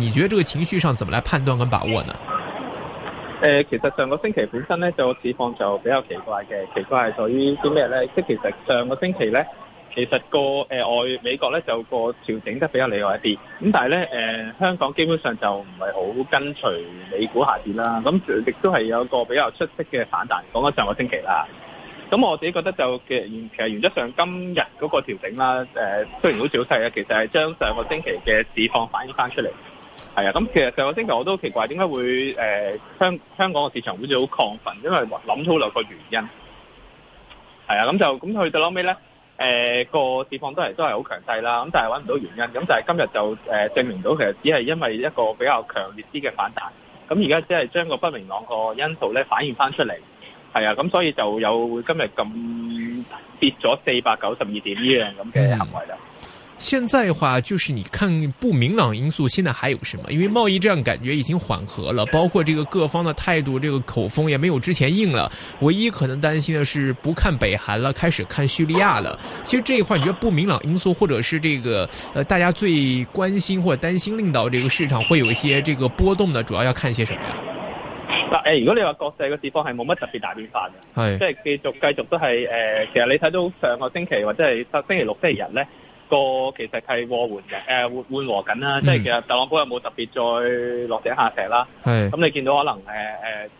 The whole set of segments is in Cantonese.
你覺得這個情緒上怎麼來判斷跟把握呢？誒、呃，其實上個星期本身咧就個市況就比較奇怪嘅，奇怪係在於啲咩咧？即其實上個星期咧，其實個誒外、呃、美國咧就個調整得比較厲害一啲，咁但係咧誒香港基本上就唔係好跟隨美股下跌啦，咁亦都係有個比較出色嘅反彈。講緊上個星期啦，咁我自己覺得就嘅原其實原則上今日嗰個調整啦，誒、呃、雖然好小細啊，其實係將上個星期嘅市況反映翻出嚟。係啊，咁其實上個星期我都奇怪，點解會誒香、呃、香港個市場好似好亢奮，因為諗咗好兩個原因。係啊，咁就咁去到後尾咧，誒、呃、個市況都係都係好強勢啦，咁但係揾唔到原因，咁但係今日就誒證明到其實只係因為一個比較強烈啲嘅反彈，咁而家只係將個不明朗個因素咧反映翻出嚟。係啊，咁所以就有今日咁跌咗四百九十二點呢樣咁嘅行為啦。嗯現在的話，就是你看不明朗因素，現在還有什麼？因為貿易戰感覺已經緩和了，包括這個各方的態度，這個口風也沒有之前硬了。唯一可能擔心的是，不看北韓了，開始看敘利亞了。其實這一塊你覺得不明朗因素，或者是這個呃，大家最關心或者擔心令到這個市場會有一些這個波動的，主要要看些什麼呀？嗱，如果你話國際的地方係冇乜特別大變化，係都係繼續繼續都係誒、呃，其實你睇到上個星期或者係星星期六、星期日呢。個其實係和緩嘅，誒、呃、緩緩和緊啦、嗯，即係其實特朗普有冇特別再落井下石啦。咁你見到可能誒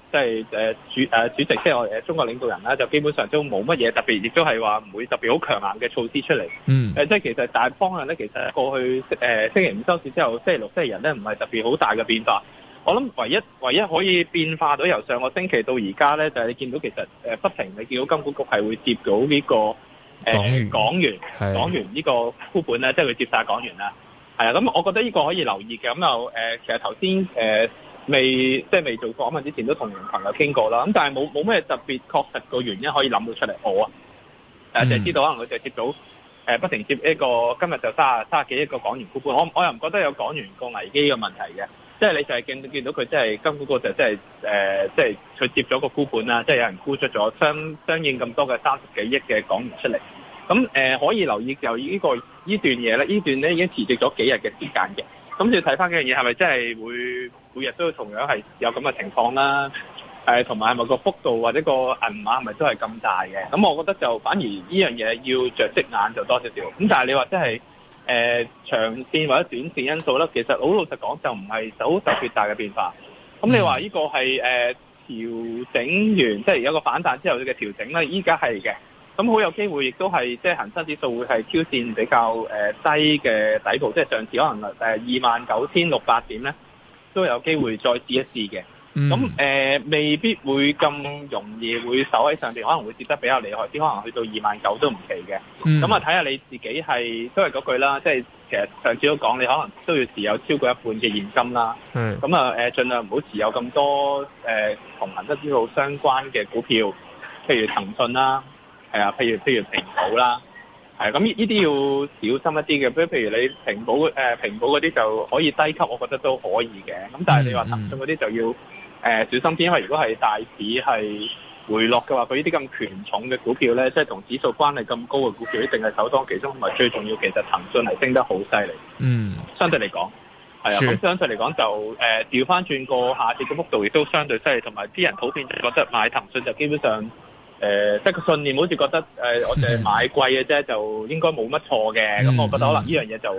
即係主、呃、主席，即係我哋中國領導人啦，就基本上都冇乜嘢特別，亦都係話唔會特別好強硬嘅措施出嚟。嗯。呃、即係其實大方向咧，其實過去、呃、星期五收市之後，星期六、星期日咧，唔係特別好大嘅變化。我諗唯一唯一可以變化到由上個星期到而家咧，就係、是、你見到其實、呃、不停，你見到金管局係會接到呢、這個。港元、呃、港元、嗯、港元個呢個庫本咧，即係佢接晒港元啦。係啊，咁我覺得呢個可以留意嘅。咁又誒，其實頭先誒未，即係未做訪問之前，都同朋友傾過啦。咁但係冇冇咩特別確實個原因可以諗到出嚟，好啊，誒淨係知道可能佢就接到誒、呃、不停接一個今日就三十、三十幾億個港元庫本。我我又唔覺得有港元個危機嘅問題嘅。即係你就係見見到佢、就係呃，即係金股個就即係即係佢接咗個沽盤啦，即係有人沽出咗相相應咁多嘅三十幾億嘅港元出嚟。咁、呃、可以留意就依、依個段段呢段嘢咧，呢段咧已經持續咗幾日嘅時間嘅。咁要睇翻嗰樣嘢係咪真係會每日都同樣係有咁嘅情況啦？呃，同埋係咪個幅度或者個銀碼係咪都係咁大嘅？咁我覺得就反而呢樣嘢要著色眼就多少少。咁但係你話真係？誒、呃、長線或者短線因素其實老老實講就唔係好特別大嘅變化。咁你話依個係、呃、調整完，即係有一個反彈之後嘅調整咧，依家係嘅。咁好有機會也是，亦都係即係恆生指數會係挑戰比較低嘅底部，即、就、係、是、上次可能誒二萬九千六百點咧，都有機會再試一試嘅。咁、嗯呃、未必會咁容易會守喺上面，可能會跌得比較厲害啲，可能去到二萬九都唔奇嘅。咁、嗯、啊，睇下你自己係都係嗰句啦，即係其實上次都講，你可能都要持有超過一半嘅現金啦。咁啊儘量唔好持有咁多、呃、同民生資料相關嘅股票，譬如騰訊啦，啊、呃，譬如譬如平保啦，咁呢啲要小心一啲嘅。譬如你平保、呃、平保嗰啲就可以低級，我覺得都可以嘅。咁但係你話騰訊嗰啲就要。誒、呃、小心啲，因為如果係大市係回落嘅話，佢呢啲咁權重嘅股票咧，即係同指數關係咁高嘅股票，一定係首當其衝，同埋最重要，其實騰訊係升得好犀利。嗯，相對嚟講係啊，咁相對嚟講就誒調翻轉個下跌嘅幅度亦都相對犀利，同埋啲人普遍就覺得買騰訊就基本上誒、呃、即係個信念，好似覺得誒、呃、我哋係買貴嘅啫，就應該冇乜錯嘅。咁、嗯嗯、我覺得可能呢樣嘢就。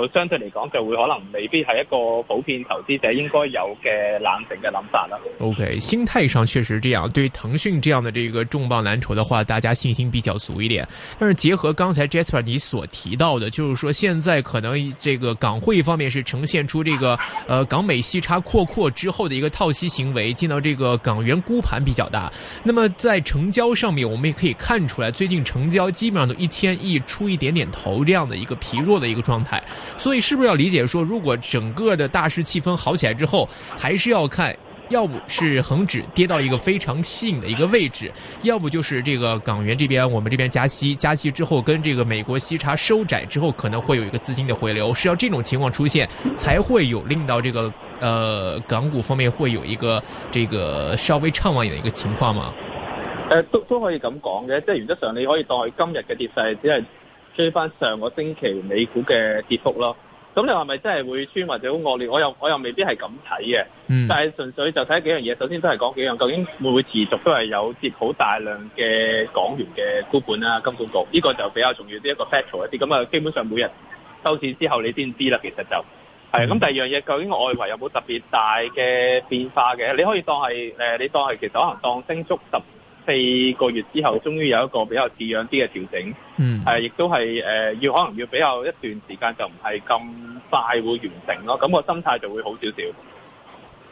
就相對嚟講就會可能未必係一個普遍投資者應該有嘅冷靜嘅諗法啦。OK，心態上確實係這樣。對騰訊這樣的這個重磅藍籌的話，大家信心比較足一點。但是結合剛才 Jasper 你所提到的，就是說現在可能這個港匯方面是呈現出這個，呃，港美息差擴闊之後的一個套息行為，進到這個港元沽盤比較大。那麼在成交上面，我們也可以看出來，最近成交基本上都一千億出一點點頭，這樣的一個疲弱的一個狀態。所以是不是要理解說，如果整個的大市氣氛好起來之後，還是要看，要不是恒指跌到一個非常吸引的一個位置，要不就是這個港元這邊我們這邊加息，加息之後跟這個美國息差收窄之後，可能會有一個資金的回流，是要這種情況出現才會有令到這個呃港股方面會有一個這個稍微暢旺的一個情況嗎？呃，都都可以咁講嘅，即係原則上你可以當佢今日嘅跌勢只係。追翻上，上個星期美股嘅跌幅咯，咁你話咪真係會穿或者好惡劣？我又我又未必係咁睇嘅，但係純粹就睇幾樣嘢。首先都係講幾樣，究竟會唔會持續都係有跌好大量嘅港元嘅股本啦、啊？金管局呢、呢個就比較重要啲、呢個、一個 factor 一啲。咁啊，基本上每日收市之後你先知啦。其實就係咁、嗯、第二樣嘢究竟外圍有冇特別大嘅變化嘅？你可以當係、呃、你當係其實可能當升足十。四個月之後，終於有一個比較似樣啲嘅調整，係、啊、亦都係誒、呃，要可能要比較一段時間就唔係咁快會完成咯，咁、那、我、個、心態就會好少少。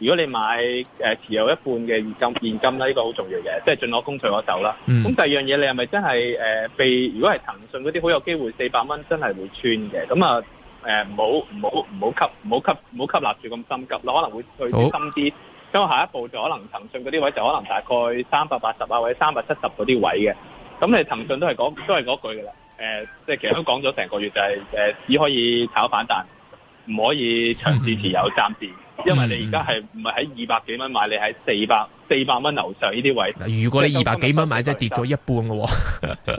如果你買誒、呃、持有一半嘅現金現金咧，呢個好重要嘅，即係進可攻退可守啦。咁、嗯、第二樣嘢，你係咪真係誒、呃、被？如果係騰訊嗰啲，好有機會四百蚊真係會穿嘅。咁啊誒，唔好唔好唔好吸唔好吸唔好吸納住咁心急，你可能會去深啲。咁下一步就可能騰訊嗰啲位就可能大概三百八十啊，或者三百七十嗰啲位嘅。咁你騰訊都係講都係嗰句嘅啦。誒、呃，即係其實都講咗成個月、就是，就係誒只可以炒反彈，唔可以長線持有暫時、嗯。嗯。因為你而家係唔係喺二百幾蚊買？你喺四百四百蚊樓上呢啲位。如果你二百幾蚊買，真係跌咗一半嘅喎、哦。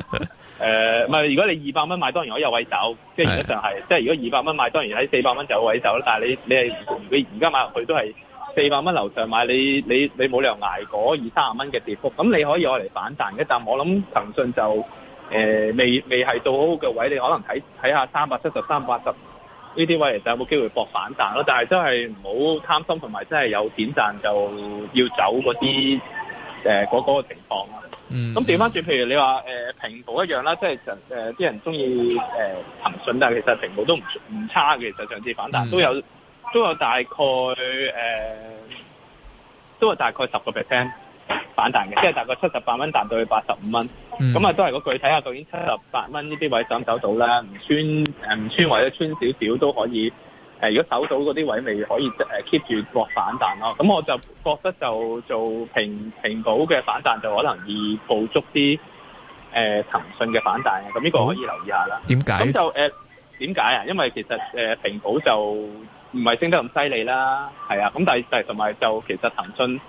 唔 係、呃，如果你二百蚊買，當然可以有位走。即係而家就係，即係如果二百蚊買，當然喺四百蚊就有位走啦。但係你你係如果而家買入去都係四百蚊樓上買，你你你冇理由捱嗰二三十蚊嘅跌幅。咁你可以攞嚟反彈嘅，但我諗騰訊就誒、呃、未未係到好好嘅位，你可能睇睇下三百七十、三百八十。看看 370, 380, 呢啲位其實有冇機會搏反彈咯？但係真係唔好貪心，同埋真係有點賺就要走嗰啲誒嗰嗰個情況啦。嗯，咁調返轉，譬如你話誒平保一樣啦，即係誒啲人中意誒騰訊，但係其實平保都唔唔差嘅，其實上次反彈、mm-hmm。都有都有大概誒、呃、都有大概十個 percent 反彈嘅，即係大概七十八蚊彈到去八十五蚊。咁、嗯、啊，都係個具體啊，究竟七十八蚊呢啲位走唔走到啦，唔穿，唔穿或者穿少少都可以。如果走到嗰啲位，咪可以 keep 住落反彈咯。咁我就覺得就做平平保嘅反彈就可能易捕捉啲誒騰訊嘅反彈啊。咁呢個可以留意下啦。點、嗯、解？咁就點解啊？因為其實、呃、平保就唔係升得咁犀利啦，係啊。咁但係同埋就其實騰訊。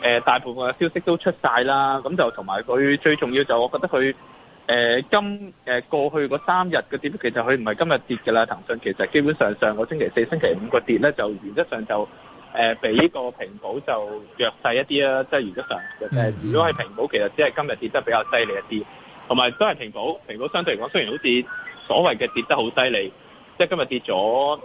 誒、呃、大部分嘅消息都出晒啦，咁就同埋佢最重要就，我覺得佢誒、呃、今誒、呃、過去嗰三日嘅點，其實佢唔係今日跌嘅啦。騰訊其實基本上上個星期四、星期五個跌咧，就原則上就誒、呃、比這個平保就弱勢一啲啦，即、就、係、是、原則上嘅啫、嗯。如果係平保，其實只係今日跌得比較犀利一啲，同埋都係平保，平保相對嚟講雖然好似所謂嘅跌得好犀利。即係今日跌咗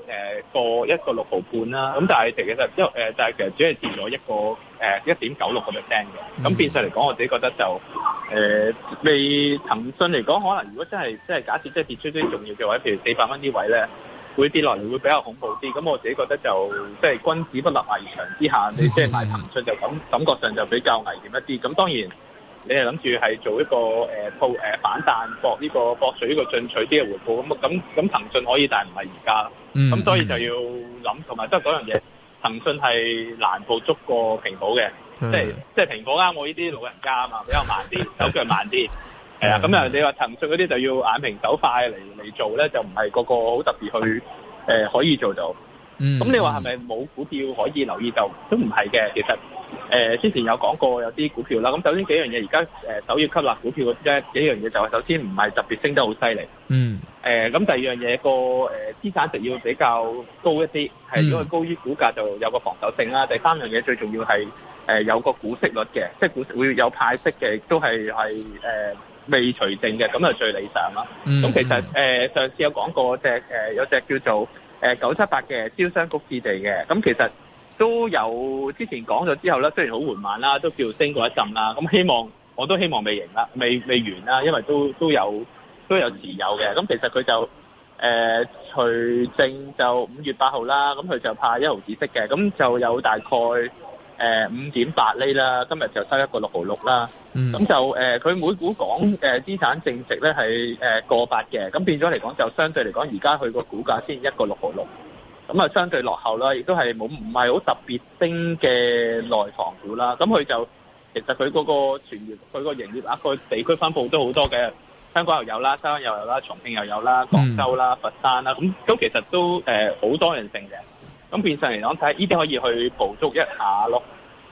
誒個一個六毫半啦，咁、呃、但係其實因為誒，但係其實只係跌咗一個誒一點九六個 percent 嘅，咁、呃、變相嚟講，我自己覺得就誒未、呃、騰訊嚟講，可能如果真係即係假設即係跌出啲重要嘅位，譬如四百蚊啲位咧，會跌落嚟會比較恐怖啲。咁我自己覺得就即係君子不立危牆之下，你即係買騰訊就感感覺上就比較危險一啲。咁當然。你係諗住係做一個誒、呃、反彈博呢、這個博水呢個進取啲嘅回報，咁咁咁騰訊可以，但係唔係而家咁，所以就要諗，同埋即係嗰樣嘢，騰訊係難捕捉過平保嘅，即係即係平保啱我呢啲老人家啊嘛，比較慢啲， 手腳慢啲，係啊。咁、嗯、啊，嗯、你話騰訊嗰啲就要眼平手快嚟嚟做咧，就唔係個個好特別去誒可以做到。咁你話係咪冇股票可以留意，就都唔係嘅，其實。誒、呃，之前有講過有啲股票啦，咁首先幾樣嘢，而家誒，首要吸納股票嘅一幾樣嘢就係：首先唔係特別升得好犀利，嗯，誒、呃，咁第二樣嘢個誒資、呃、產值要比較高一啲，係因為高於股價就有個防守性啦、嗯。第三樣嘢最重要係誒、呃、有個股息率嘅，即係股息會有派息嘅，都係係誒未除淨嘅，咁就最理想啦。咁、嗯、其實誒、呃、上次有講過隻誒、呃、有隻叫做誒九七八嘅招商局置地嘅，咁其實。都有之前講咗之後咧，雖然好緩慢啦，都叫升過一陣啦。咁希望我都希望未贏啦，未未完啦，因為都都有都有持有嘅。咁其實佢就誒除淨就五月八號啦，咁佢就派一毫子息嘅，咁就有大概誒五點八厘啦。今日就收一個六毫六啦。咁、mm. 就誒佢、呃、每股講誒資產淨值咧係誒過百嘅，咁變咗嚟講就相對嚟講，而家佢個股價先一個六毫六。咁啊，相對落後啦，亦都係冇唔係好特別升嘅內房股啦。咁佢就其實佢嗰個全業，佢個營業額，佢地區分布都好多嘅，香港又有啦，新疆又有啦，重慶又有啦，廣州啦、佛山啦，咁都其實都誒好、呃、多人性嘅。咁變相嚟講睇，呢啲可以去捕捉一下咯。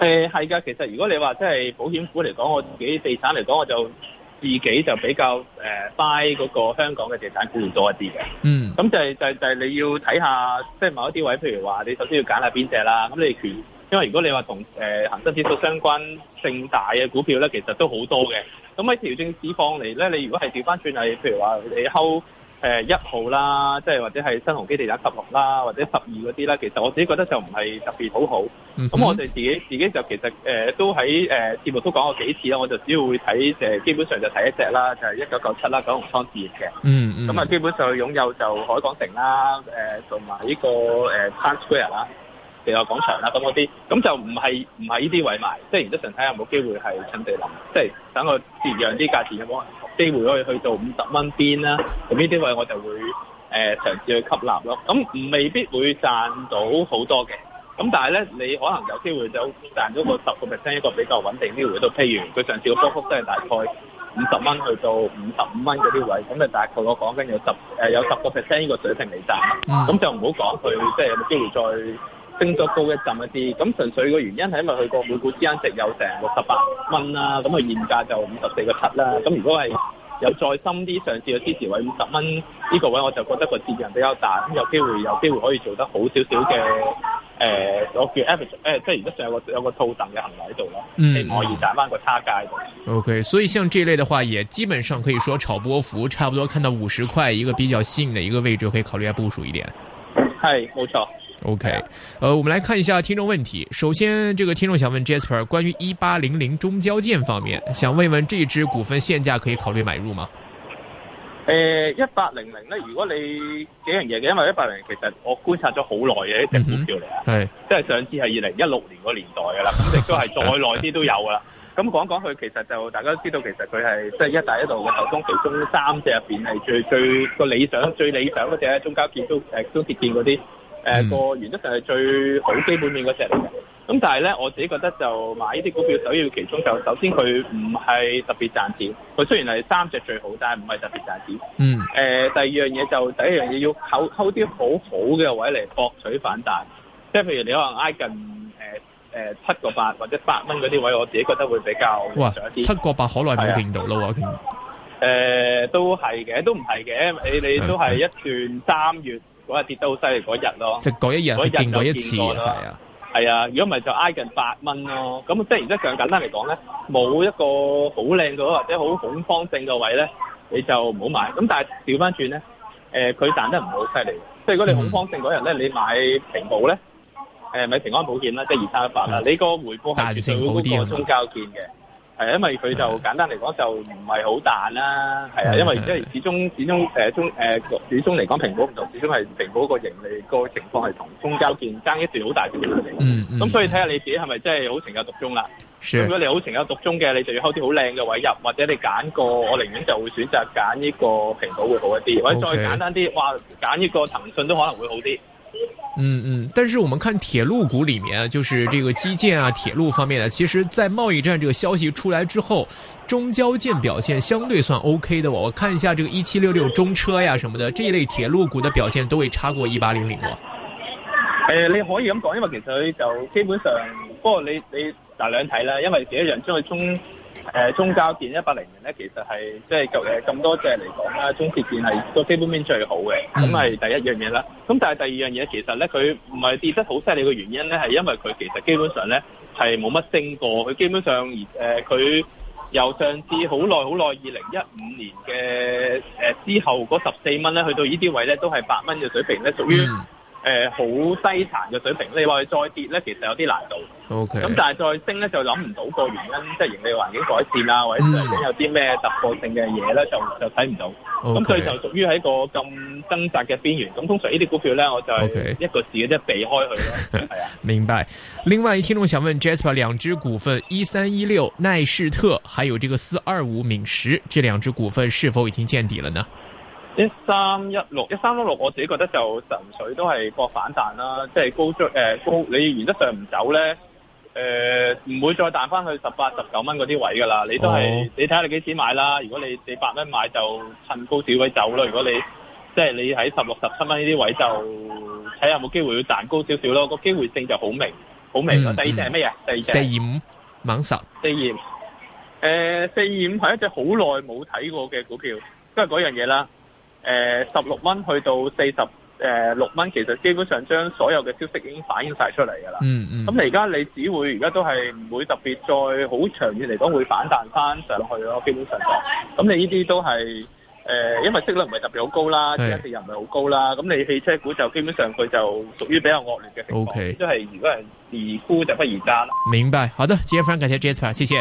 誒，係噶，其實如果你話即係保險股嚟講，我自己的地產嚟講，我就自己就比較誒 buy 嗰個香港嘅地產股會多一啲嘅。嗯、就係，咁就係、係、就係就係你要睇下，即係某一啲位，譬如話你首先要揀下邊隻啦。咁你權，因為如果你話同誒恒生指數相關性大嘅股票咧，其實都好多嘅。咁喺調整市況嚟咧，你如果係調翻轉係，譬如話你後。誒、呃、一號啦，即係或者係新鴻基地產十六號啦，或者，hundred- na，或者十二嗰啲啦，其實我自己覺得就唔係特別好好。咁 我哋自己自己就其實誒、呃、都喺誒節目都講過幾次啦，我就主要會睇基本上就睇一隻啦，就係一九九七啦九龍倉置業嘅。嗯咁啊基本上擁有就海港城啦，同埋呢個誒 Times Square 啦，地下廣場啦咁嗰啲，咁就唔係唔係呢啲位買，即係然都想睇下有冇機會係趁地諗，即、就、係、是、等我跌讓啲價錢咁樣。機會可以去到五十蚊邊啦，咁呢啲位我就會誒、呃、嘗試去吸納咯。咁未必會賺到好多嘅。咁但係咧，你可能有機會就賺到個十個 percent 一個比較穩定啲嘅位。都譬如佢上次個波幅都係大概五十蚊去到五十五蚊嗰啲位，咁啊大概我講緊有十誒、呃、有十個 percent 呢個水平嚟賺，咁就唔好講佢即係有冇機會再升咗高一浸一啲，咁純粹個原因係因為佢個每股資產值有成六十八蚊啦，咁佢現價就五十四個七啦。咁如果係有再深啲上次嘅支持位五十蚊呢個位，我就覺得個折讓比較大，咁有機會有機會可以做得好少少嘅誒，我叫 average，即係，呃，如果上個有個套戥嘅行為喺度咯，唔可以賺翻個差價喺度。OK，所以像這一類嘅話，也基本上可以說炒波幅差不多，看到五十塊一個比較吸引嘅一個位置，可以考慮下部署一點。係冇錯。O.K.，呃，我們來看一下聽眾問題。首先，這個聽眾想問 Jasper 關於一八零零中交建方面，想問問這一支股份現價可以考慮買入嗎？誒、呃，一八零零咧，如果你幾樣嘢嘅，因為一八零零其實我觀察咗好耐嘅一隻股票嚟啊，係、嗯，即、就、係、是、上次係二零一六年個年代噶啦，咁亦都係再耐啲都有噶啦。咁講講佢，其實就大家都知道，其實佢係即係一帶一路嘅頭中其中三隻入邊係最最個理想最理想嗰隻，中交建都誒中鐵建嗰啲。誒、嗯、個、呃、原則就係最好基本面嗰隻嚟嘅，咁但係咧我自己覺得就買呢啲股票首要其中就首先佢唔係特別賺錢，佢雖然係三隻最好，但係唔係特別賺錢。嗯。誒、呃、第二樣嘢就第一樣嘢要扣扣啲好好嘅位嚟博取反彈，即係譬如你可能挨近誒誒、呃呃、七個八或者八蚊嗰啲位，我自己覺得會比較哇，七個八好耐冇見到咯、啊、我聽。誒都係嘅，都唔係嘅，你你都係一段三月。嗰日跌得好犀利，嗰日咯，即係嗰一日係見過一次，係啊，係啊，如果唔係就挨近八蚊咯。咁即係而家上簡單嚟講咧，冇一個好靚嘅或者好恐慌性嘅位咧，你就唔好買。咁但係調翻轉咧，誒佢賺得唔好犀利。即係如果你恐慌性嗰日咧，你買平保咧，誒咪平安保險啦，即係二三一八啦，你個回報係絕對好高嘅。大盤性好啲㗎。係、啊，因為佢就簡單嚟講就唔係好彈啦，係啊，因為而家始終始終誒中誒始終嚟講，平保唔同，始終係平保個盈利個情況係同中交建爭一段好大條。嗯嗯。咁、嗯、所以睇下你自己係咪真係好情有獨鍾啦？Sure. 如果你好情有獨鍾嘅，你就要開啲好靚嘅位入，或者你揀個，我寧願就會選擇揀呢個平保會好一啲，Okay. 或者再簡單啲，哇，揀呢個騰訊都可能會好啲。嗯嗯，但是我們看鐵路股裏面，就是這個基建啊、鐵路方面的、啊，其實在貿易戰這個消息出來之後，中交建表現相對算 OK 的哦。我看一下這個一七六六中車呀什麼的這一類鐵路股的表現，都會超過一八零零哦。誒、呃，你可以咁講，因為其實佢就基本上，不過你你大兩睇啦，因為第一樣先去衝。呃、中交建一百零元咧，其實係即係咁咁多隻嚟講啦，中鐵建係個基本面最好嘅，咁係第一樣嘢啦。咁但係第二樣嘢，其實咧佢唔係跌得好犀利嘅原因咧，係因為佢其實基本上咧係冇乜升過，佢基本上而佢、呃、由上次好耐好耐二零一五年嘅誒、呃、之後嗰十四蚊咧，去到呢啲位咧都係八蚊嘅水平咧，屬於。誒好低殘嘅水平，你話再跌咧，其實有啲難度。O K，咁但係再升咧，就諗唔到個原因，即係盈利環境改善啊，或者有啲咩突破性嘅嘢咧，就就睇唔到。O K，咁所以就屬於喺個咁掙扎嘅邊緣。咁通常呢啲股票咧，我就一個字，即係避開佢咯。Okay. 係啊， 明白。另外，聽眾想問，Jasper 兩支股份一三一六耐世特，還有這個四二五敏實，這兩支股份是否已經見底了呢？一三一六，一三一六，我自己覺得就純粹都係博反彈啦，即係高追、呃、高。你原則上唔走咧，誒、呃、唔會再彈翻去十八、十九蚊嗰啲位噶啦。你都係你睇下你幾錢買啦。如果你四百蚊買就趁高少位走啦。如果你即係你喺十六、十七蚊呢啲位就睇下有冇機會要彈高少少咯。個機會性就好明，好明。第二隻係咩啊？第二隻四二五猛十，四二五、四二五係一隻好耐冇睇過嘅股票，都係嗰樣嘢啦。誒、呃，十六蚊去到四十誒六蚊，其實基本上將所有嘅消息已經反映晒出嚟噶啦。嗯嗯。咁你而家你只會而家都係唔會特別再好長遠嚟講會反彈翻上去咯，基本上就是。咁你呢啲都係誒、呃，因為息率唔係特別好高啦，而家啲人唔係好高啦。咁你汽車股就基本上佢就屬於比較惡劣嘅情況。O K。即係如果係宜沽就不宜揸啦。明白，好的，J 一 f r a 介紹 Jasper，謝謝。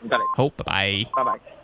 唔該你。好，拜拜。拜拜。